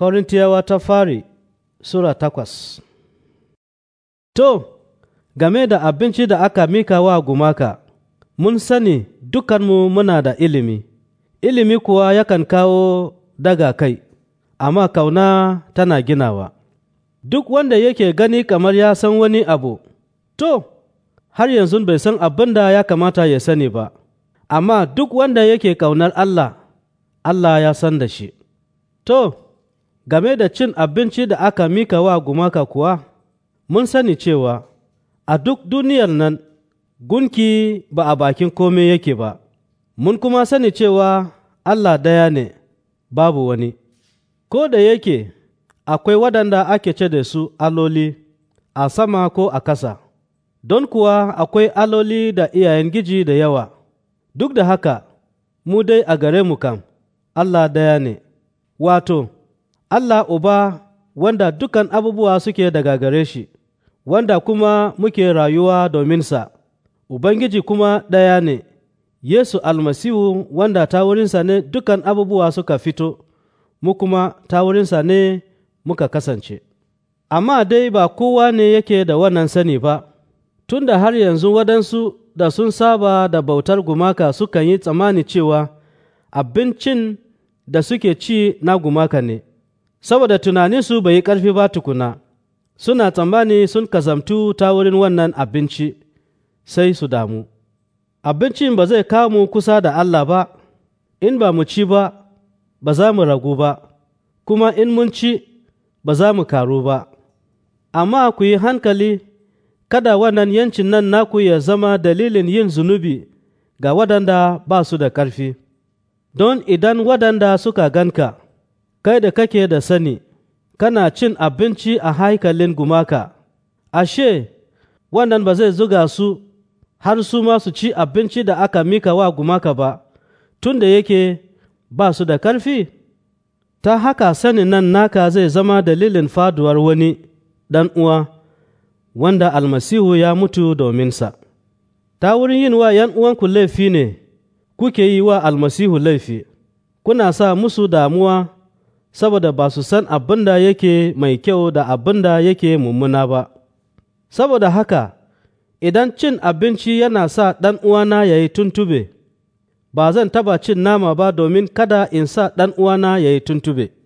Korintiyawa ta fari Sura takwas To, game da abinci da aka mika wa gumaka, mun sani dukanmu muna da ilimi, ilimi kuwa yakan kawo daga kai, amma kauna tana ginawa. Duk wanda yake gani kamar ya san wani abu, to, har yanzu bai san abin da ya kamata ya sani ba, amma duk wanda yake kaunar Allah, Allah ya san da shi. To, game da cin abinci da aka mika wa gumaka kuwa, mun sani cewa a duk duniyar nan gunki ba a bakin kome yake ba, mun kuma sani cewa Allah daya ne babu wani, ko da yake akwai waɗanda ake ce da su aloli a sama ko a ƙasa, don kuwa akwai aloli da iyayen giji da yawa, duk da haka mu dai a gare mu kam Allah daya ne, wato. Allah Uba wanda dukan abubuwa suke daga gare shi, wanda kuma muke rayuwa dominsa, Ubangiji kuma ɗaya ne, Yesu almasihu wanda ta wurinsa ne dukan abubuwa suka fito, mu kuma ta wurinsa ne muka kasance. Amma dai ba kowa ne yake da wannan sani ba, tunda har yanzu waɗansu da sun saba da bautar gumaka sukan yi tsammani cewa abincin da suke ci na gumaka ne. saboda tunaninsu bai yi ƙarfi ba tukuna, suna tsammani sun kazamtu ta wurin wannan abinci, sai su damu. Abincin ba zai kamu kusa da Allah ba, in ba mu ci ba, ba za mu ragu ba, kuma in mun ci, ba za mu karu ba. Amma ku yi hankali, kada wannan yancin nan naku ya zama dalilin yin zunubi ga waɗanda ba su da ƙarfi, don idan waɗanda suka ganka. kai da kake da sani, kana cin abinci a haikalin gumaka, ashe, wannan ba zai zuga su har su masu ci abinci da aka mika wa gumaka ba, tun da yake ba su da ƙarfi. Ta haka sani nan naka zai zama dalilin faduwar wani ɗan uwa wanda almasihu ya mutu dominsa. Ta wurin yin wa ‘yan uwanku laifi ne kuke yi wa almasihu laifi, kuna sa musu damuwa. saboda ba su san abin da yake mai kyau da abin da yake mummuna ba. Saboda haka, idan cin abinci yana sa ɗan uwana ya yi tuntube, ba zan taba cin nama ba domin kada in sa ɗan uwana ya yi tuntube.